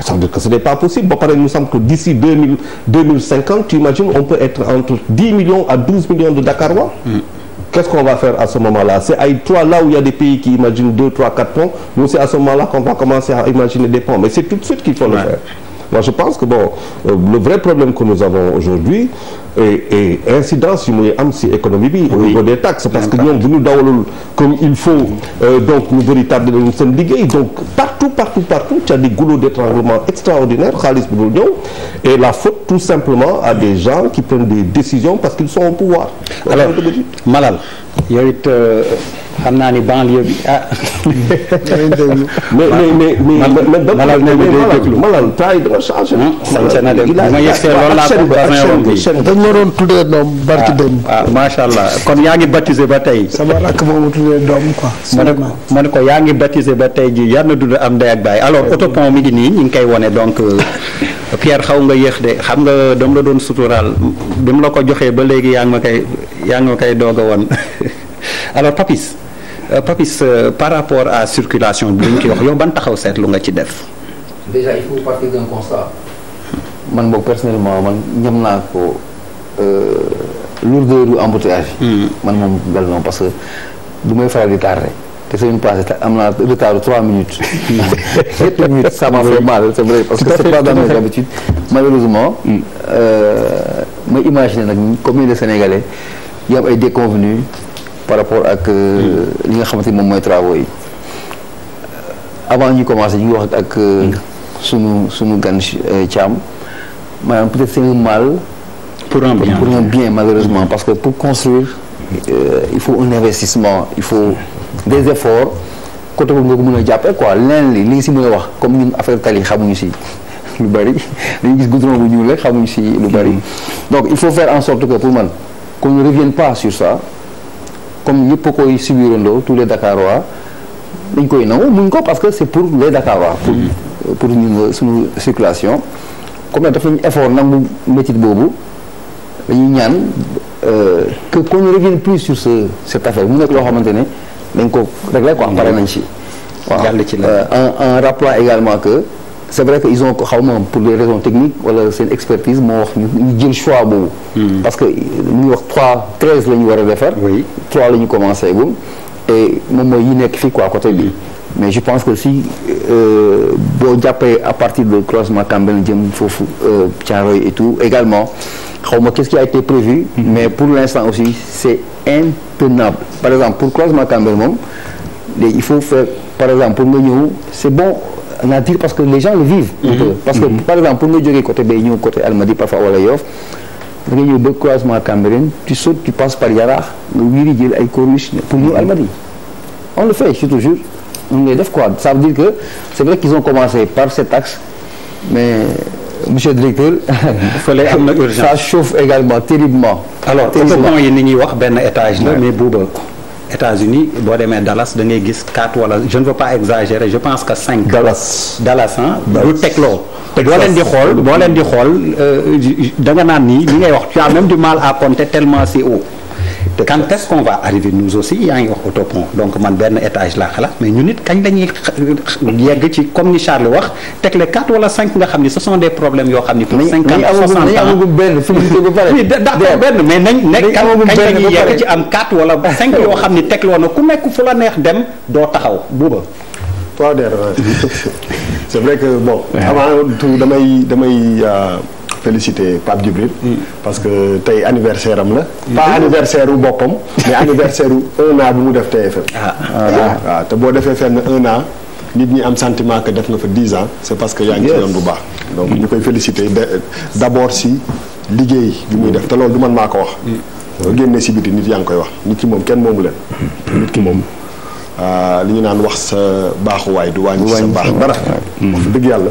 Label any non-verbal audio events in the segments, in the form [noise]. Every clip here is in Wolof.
ça veut dire que ce n'est pas possible ba pare nous sommes que d'ici deux mille deux mille cinquante tu imagines on peut être entre dix millions à douze millions de Dakarois. Mm. qu'est-ce qu'on va faire à ce moment-là c'est ay toi là où il y a des pays qui imaginent deux trois quatre ponts nous c'est à ce moment-là qu'on va commencer à imaginer des ponts mais c'est tout de suite qu'il faut ouais. le faire. Moi, je pense que bon, euh, le vrai problème que nous avons aujourd'hui et incidence yu muy am si économie bi au niveau des taxes parce que ñoom bu ñu dawalul comme il faut euh, donc ñu bëri tardé nañu seen liggéey donc partout partout partout ca di goulot d'étranglement extraordinaire xaalis bi dul ñëw et la faute tout simplement à des gens qui prennent des décisions parce qu'ils sont au pouvoir alors Malal yow it euh, xam naa ni banlieue bi ah. mais mais mais malal na déglu malal temps yi dafa changé. Hmm? sañ na dem ma yegsee loolu laa ko dañ la doon tuddee doom barki ah, dem. waaw ah, macha allah kon yaa ngi baptisé ba tey. sama rakk moomu tuddee doom quoi. ma ne ma ne ko yaa ngi baptisé ba tey ji yar na dund am ndey ak baay alors autopont mi ngi nii ñu ngi koy wone donc. Euh, Pierre xaw nga yéex de xam nga dam la doon suturaal bi mu la ko joxee ba léegi yaa ngi ma koy yaa ngi ma koy doog a woon [laughs] alors Papis Euh, Papis euh, par rapport à circulation bi ñu koy wax yow ban taxaw seetlu nga ci def. déjà il faut partir d'un constat. man boog personnellement man ñam naa ko euh, lourdeur yu embouteillage yi. Hmm. man moom mel noonu parce que du may faral di tardé. te semaine passée am naa retard de trois minutes. [laughs] sept minutes ça m'a fait mal c'est vrai parce que c'est pas dans mes malheureusement. Hmm. may imaginer nag combien de Sénégalais yi am ay déconvenus par rapport ak euh, li nga xamante ni moom mooy travaux yi avant ñu commencé ñu wax ak euh, mm. sunu sunu gan euh, Thiam maanaam peut-être c'est un mal pour un bien pour un bien malheureusement parce que pour construire mm. euh, il faut un investissement il faut des efforts côté boobu nga ko mën a jàppee quoi leneen li li si mën a wax comme ñun affaire tali xamuñu si [laughs] lu bari li ñu gis goudron bu ñuul rek xamuñu si lu bari mm. donc il faut faire en sorte que pour man qu'on ne revienne pas sur ça comme ñëpp koy subirandoo tous les Dakarois dañ koy nangu muñ ko parce que c'est pour les Dakarois pour mm-hmm. pour ñun euh, suñu circulation comme nag def nañu effort nangu métit boobu dañuy ñaan euh, que qu'on ne revienne plus sur ce cette affaire mu nekk loo xamante ne dañ ko réglé quoi pare nañ si waaw en rapport également que c'est vrai que ils ont xaw pour des raisons techniques wala seen expertise moo wax ñu jël choix boobu. Hmm. parce que ñu wax trois treize la ñu war a defar. oui trois la ñu commencé gum et moom mooy yi nekk fii quoi côté bi. Hmm. mais je pense que si euh, boo jàppee à partir de croisement Cambérène jëm foofu euh, Thiaroye et tout également xaw ma qu'est-ce qui a été prévu. Hmm. mais pour l'instant aussi c'est intenable par exemple pour croisement Cambérène moom il faut faire par exemple pour nga ñëw c'est bon. nature parce que les gens le vivent mhm. parce que mhm. par exemple pour nga jógee côté bay ñëw côté Almadies parfois wala Yoff da croisement Cambérène tu sautes tu passes par Yaraax nga wiiri jël ay corniche pour ñëw mhm. Almadies on le fait je te jure ñu ngi def quoi ça veut dire que c'est vrai qu'ils ont commencé par cet axe mais euh, monsieur le directeur. [laughs] fële am na urgence [laughs] ça chauffe également terriblement. alors terriblement yi ni ñuy wax benn étage la mais booba. États-Unis boo demee Dallas da ngay gis quatre wala je ne veux pas exagérer je pense que cinq. Dallas Dallas ah. lu tegloo. boo leen di xool boo leen di xool euh, da nga naan nii li ngay wax tu as même du mal à compter tellement c'est haut. te quand est-ce qu'on va arriver nous aussi yaa ngi wax autopont donc man benn étage laa xalaat mais ñu nit kañ la euh, yegg ci comme ni Charles wax teg le quatre wala cinq nga xam ni ce sont des yoo xam ni pour cinquante soixante nekk [laughs] xam ni teg na ku nekk fu la neex dem doo taxaw buuba waaw der [laughs] c'est vrai que félicité Pape Djibril mm. parce que tey anniversaire am la. pas anniversaire u boppam. mais anniversaire u [laughs] un an bu mu def te ah. ah, ah. waaw te boo defee fen un an. nit ñi am sentiment que def nga fa dix ans. c' est parce que yaa ngi ci yoon bu baax. donc ñu koy félicité d' abord si liggéey bi muy def te loolu du man maa ko wax. Mm. boo génne si biti nit yaa ngi koy wax nit ki moom kenn moomu leen. nit ki moom li ñu naan wax sa baaxuwaay du wàññi sa baax dara. wax dëgg yàlla.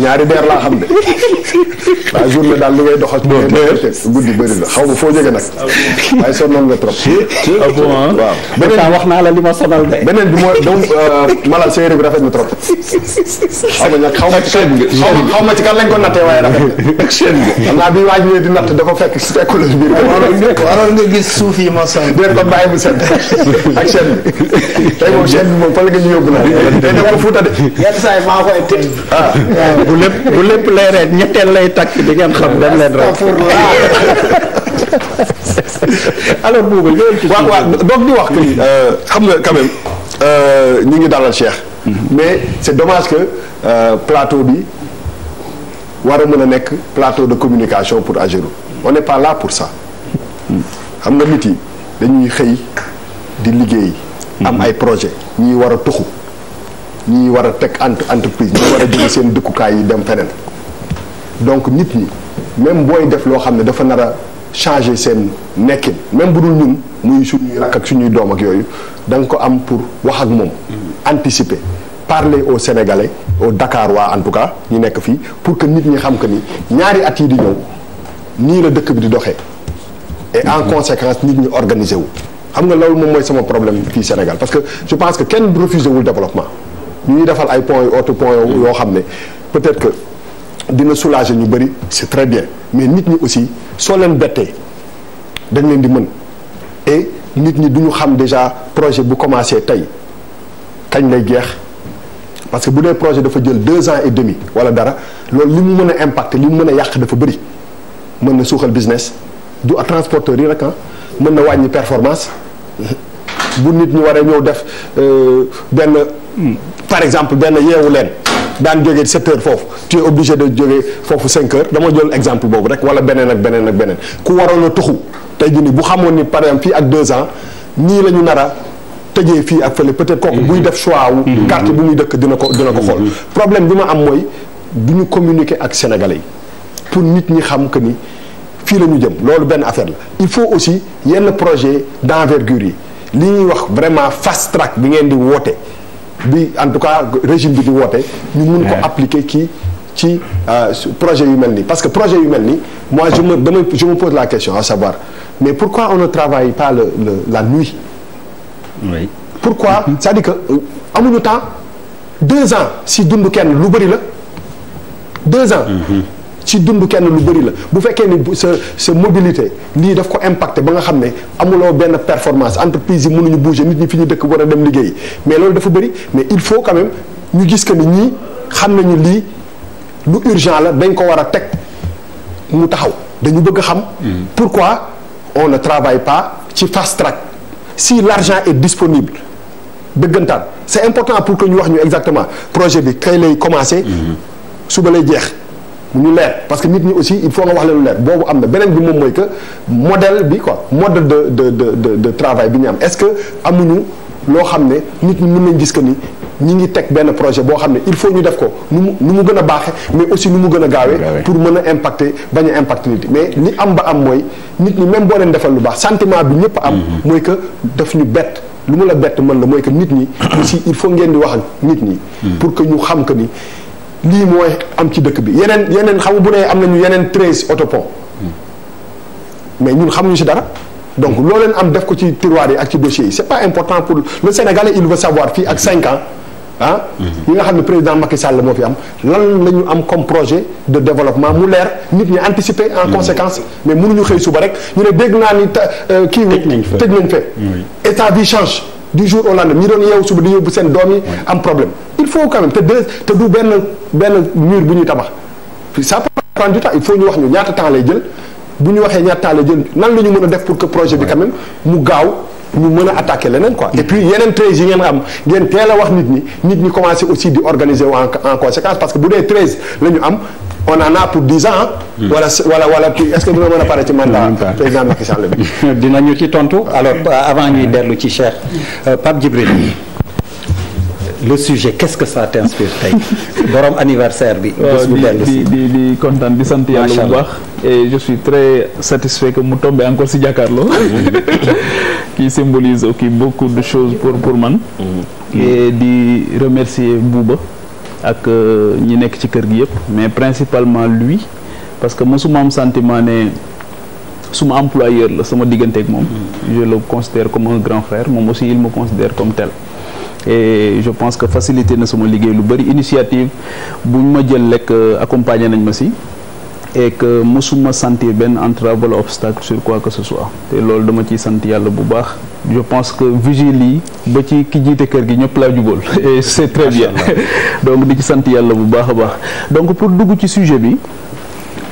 ñaari deer laa xam a [laughs] waaye journée daal li ngay doxal. non te guddi bëri na xaw ma foo jóge nag. Ah waaye sonal nga trop. ah bon waaw. beneen wax naa la li ma sonal de. beneen bi mooy donc euh, Malal sa bi rafet na trop. xaw ma ñàkk xaw ma ci ma ci kan lañ ko nattee waaye na. seen bi xam naa bi waaj ñëwee di natt dafa fekk si écologie bi. waroon nga gis suuf yi ma sonal. [laughs] déet ko bàyyi mu set ak seen bi tey [laughs] maa koy tëj. bu lépp bu lépp lay reet ñetteel lay takk di ngeen xam dañ leen rek alors boobu loolu ci waaw waaw donc di wax que euh, xam nga quand même euh, ñu ngi dalal Cheikh mhm. mais c'est dommage que euh, plateau bi war a mën a nekk plateau de communication pour Ageroute on par la pour sax mhm. xam nga nit yi dañuy xëy di liggéey am mhm. ay projet ñuy war a tuxu ñi war a teg entre entreprise ñi war a jóge seen dëkkukaay yi dem feneen donc nit ñi même booy def loo xam ne dafa nara a changer seen nekkin même bu dul ñun muy suñuy rakk ak suñuy doom ak yooyu da nga ko am pour wax ak moom. anticiper parler aux Sénégalais au Dakar waa en tout cas ñu nekk fii pour que nit ñi xam que ni ñaari at yi di ñëw nii la dëkk bi di doxee. et en conséquence nit ñi organiser wu. xam nga loolu moom mooy sama problème fii Sénégal parce que je pense que kenn wul développement. ñu ñuy defal ay points yu auto points yoo xam ne peut-être que dina soulager ñu bëri c'est très bien mais nit ñi aussi soo leen bettee dañ leen di mën et nit ñi duñu xam déjà projet bu commencé tey kañ lay geex parce que bu dee projet dafa jël deux ans et demi wala dara loolu li mu mën a impacter li mu mën a yàq dafa bëri mën na suuxal business du transporteur yi rek ah mën na wàññi performance [laughs] bu nit ñi waree ñëw def euh, benn. par exemple benn yeewu leen daan jógee 7 foofu tu es obligé de jógee foofu 5 heures dama jël exemple boobu rek wala beneen ak beneen ak beneen ku waroon a tuxu tey jii nii bu xamoon ni par exemple fii ak 2 ans nii la ñu nar a tëjee fii ak fële peut-être kooku buy def choix wu carte mhm. mhm. bu muy dëkk dina ko dina ko xool mhm. problème bi ma am mooy du ñu communiquer ak sénégalais yi pour nit ñi xam que ni fii la ñu jëm loolu benn affaire la il faut aussi yenn projet d'envergure yi li ñuy wax vraiment fast bi ngeen di woote bi en tout cas régime bi di woote ñu mun ko appliquer ci ci euh, projet yu mel nii parce que projet yu mel nii moi je me damay je me pose la question à savoir mais pourquoi on ne travaille pas le, le la nuit oui. pourquoi mm-hmm. c'est-à-dire que euh, amuñu temps deux ans si dund kenn lu bëri la deux ans mm-hmm. ci dund kenn lu bëri la bu fekkee ni sa sa mobilité lii daf ko impacté ba nga xam ne amuloo benn performance entreprise yi mënuñu bouger nit ñi fi ñu dëkk war a dem liggéey mais loolu dafa bëri mais il faut quand même ñu gis que ni ñii xam nañu lii lu urgent la dañ ko war a teg mu taxaw dañu bëgg xam. Mm-hmm. pourquoi on ne travaille pas ci fast track si l'argent est disponible. dëggantaan c'est important pour que ñu wax ñu exactement projet bi kay lay commencer. Mm-hmm. suba lay jeex. mu ñu leer parce que nit ñi aussi il faut nga wax leen lu leer boobu am na beneen bi moom mooy que modèle bi quoi modèle de de de de travail bi ñu am est-ce que amuñu loo xam ne nit ñi mën nañ gis que ni ñi ngi teg benn projet boo xam ne il faut ñu def ko nu mu nu mu gën a baaxe mais aussi nu mu gën a gaawee pour mën a impacter bañ a impacter nit mais li am ba am mooy nit ñi même boo leen defal lu baax sentiment bi ñëpp am mm-hmm. mooy que daf ñu bett lu mu la bett mën la mooy que nit ñi [coughs] aussi il faut ngeen di wax ak nit ñi mm. pour que ñu xam que ni lii mooy am ci dëkk bi yeneen yeneen xam bu ne am nañu yeneen treize autopont mais ñun xamuñu si dara donc loo leen am def ko ci tiroir yi ak ci dossiers yi c'est pas important pour le Sénégalais il veut savoir fii ak cinq ans ah. Mm-hmm. yi nga xam ne président Macky Sall moo fi am lan la ñu am comme projet de développement mu leer nit ñi anticiper. en mm-hmm. conséquence mais mënuñu xëy suba rek ñu ne dégg naa ni te euh, kii. tëj nañ fa tëj nañ fa état bi change. di jour au lendemain ñi doon yeewu suba di yóbbu seen doom yi am problème il faut quand même te de te du benn benn mur bu ñuy tabax ça peut du temps il faut ñu wax ñu ñaata temps lay jël bu ñu waxee ñaata temps lay jël nan la ñu mën a def pour que projet bi quand mu gaaw ñu mën a attaquer leneen ko et puis yeneen treize yi ngeen am ngeen teel a wax nit ñi nit ñi commencé aussi di organiser en en conséquence parce que bu dee treize la am. on en a pour dix wala wala wala est-ce que dina mën a pare ci mandat hmm. président Macky Sall bi. [laughs] dinañu ci tontu alors euh, avant ñuy dellu ci Cheikh euh, Pape Djibril le sujet qu'est-ce que ça t'inspire tey [laughs] borom anniversaire bi. Euh, bés si di di kontaan di sant yàlla bu baax. et je suis très satisfait que mu tombé encore si jàkkaarloo. Hmm. [laughs] qui symbolise aussi beaucoup de choses pour pour man. Hmm. et di remercier Bouba. ak euh, ñi nekk ci kër gi yëpp mais principalement lui parce que ma mosuma am sentiment ne su suma employeur la sama diggante ak moom hmm. je le considère comme un grand frère moom aussi il ma considère comme tel e je pense que facilité na sama liggéey lu bëri initiative buñ ma jël lekk euh, accompagner nañ ma si et que mësuma sentir benn entrave wala obstacle sur quoi que ce soi te loolu dama ciy sant yàlla bu baax je pense que vigile yi ba ci ki jiite kër gi ñëpp laa jubal [laughs] et c'est très bien [laughs] donc di ci sant yàlla bu baax a baax donc pour dugg ci sujet bi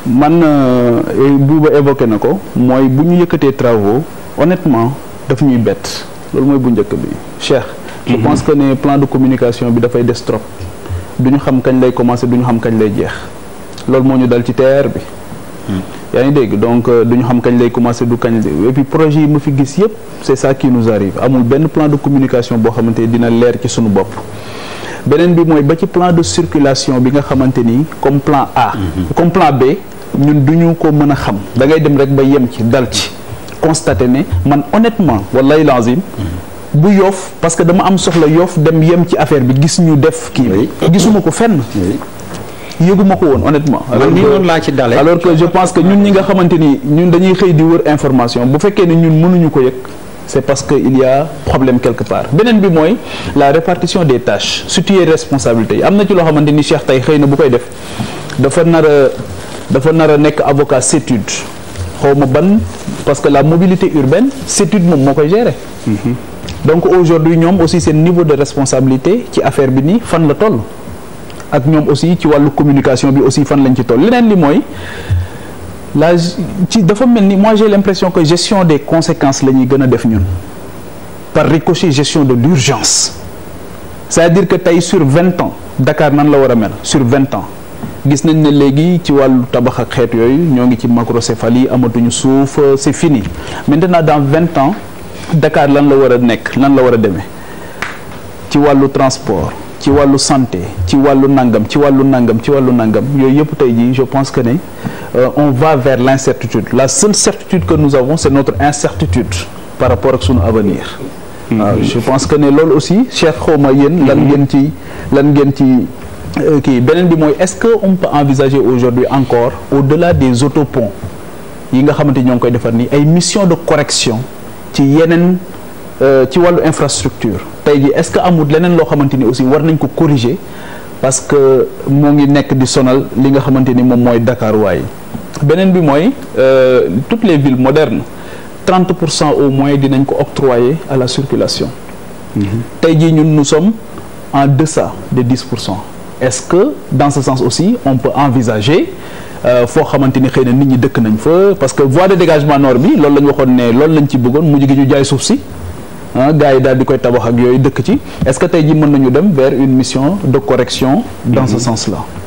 man euh, Bouba évoqué na ko mooy bu ñu yëkkatee travaux honnêtement daf ñuy bett loolu mooy bu njëkk bi Cheikh je mhm. pense que ne plan de communication bi dafay des trop du ñu xam kañ lay commencer du ñu xam kañ lay jeex loolu moo ñu dal ci TER bi. Hmm. yaa ngi dégg donc euh, du ñu xam kañ lay commencé du kañ et puis projet yi ma fi gis yëpp c'est ça qui nous arrive amul benn plan de communication boo xamante ni dina leer ci suñu bopp. beneen bi mooy ba ci plan de circulation bi nga xamante ni comme plan A. Hmm. comme plan B ñun du ñu ko mën a xam da ngay dem rek ba yem ci dal ci constaté ne man honnêtement wallahi lazim hmm. bu yoof parce que dama am soxla yof dem yem ci affaire bi gis ñu def kii bi gisuma ko fenn yëguma ko woon honnêtement. man ci dalee alors que je pense que ñun ñi nga xamante ni ñun dañuy xëy di wër information bu fekkee ne ñun mënuñu ko yëg. c'est parce que il y a problème quelque part beneen bi mooy la répartition des tâches situer responsabilité yi am na ci loo xamante ni Cheikh tey xëy na bu koy def dafa nar a dafa nar a nekk avocat CETUD xaw ma ban parce que la mobilité urbaine CETUD moom moo koy gérer. Mhm. donc aujourd'hui ñoom aussi seen niveau de responsabilité ci affaire bi nii fan la toll. ak ñoom aussi ci wàllu communication bi aussi fan lañ ci toll leneen li mooy la ci dafa mel ni moi j'ai l'impression que gestion des conséquences la ñuy gën a def ñun par ricochet gestion de l'urgence c'est-à-dire que tey sur vingt ans dakaar nan la war a mel sur vingt ans gis nañ ne léegi ci wàllu tabax ak xeet yooyu ñoo ngi ci macrocéphalie amatuñu suuf euh, c'est fini maintenant dans vingt ans dakaar lan la war a nekk lan la war a demee ci wàllu transport ci wàllu santé ci wàllu nangam ci wàllu nangam ci wàllu nangam yooyu yëpp tey jii je pense que ne euh, on va vers l'incertitude la seule certitude que nous avons c'est notre incertitude par rapport ak sunu avenir waaw mm-hmm. ah, je pense que ne loolu aussi Cheikh xawma yéen lan mm-hmm. ngeen ci lan ngeen ci euh, kii beneen bi mooy est-ce que on peut envisager aujourd'hui encore au-delà des autoponts yi nga xamante ñoo ngi koy defar nii ay mission de correction ci yeneen euh, ci wàllu infrastructure tey ji est-ce que amul leneen loo xamante ni aussi war nañ ko corriger parce que moo ngi nekk di sonal li nga xamante ni moom mooy Dakar waay beneen bi mooy euh, toutes les ville modernes trente pour cent au moins dinañ ko octroyer à la circulation. Mm-hmm. tey jii ñun nous sommes en deçà de 10 pour cent est-ce que dans ce sens aussi on peut envisager. Euh, foo xamante ni xëy na nit ñi dëkk nañ fa parce que voie de dégagement nord bi loolu la ñu waxoon ne loolu lañ ci bëggoon mujj gi ñu jaay suuf si. Ah, gars yi daal di koy tabax ak yooyu dëkk ci est-ce que tey ji mën nañu dem vers une mission de correction dans ce mhm. sens-là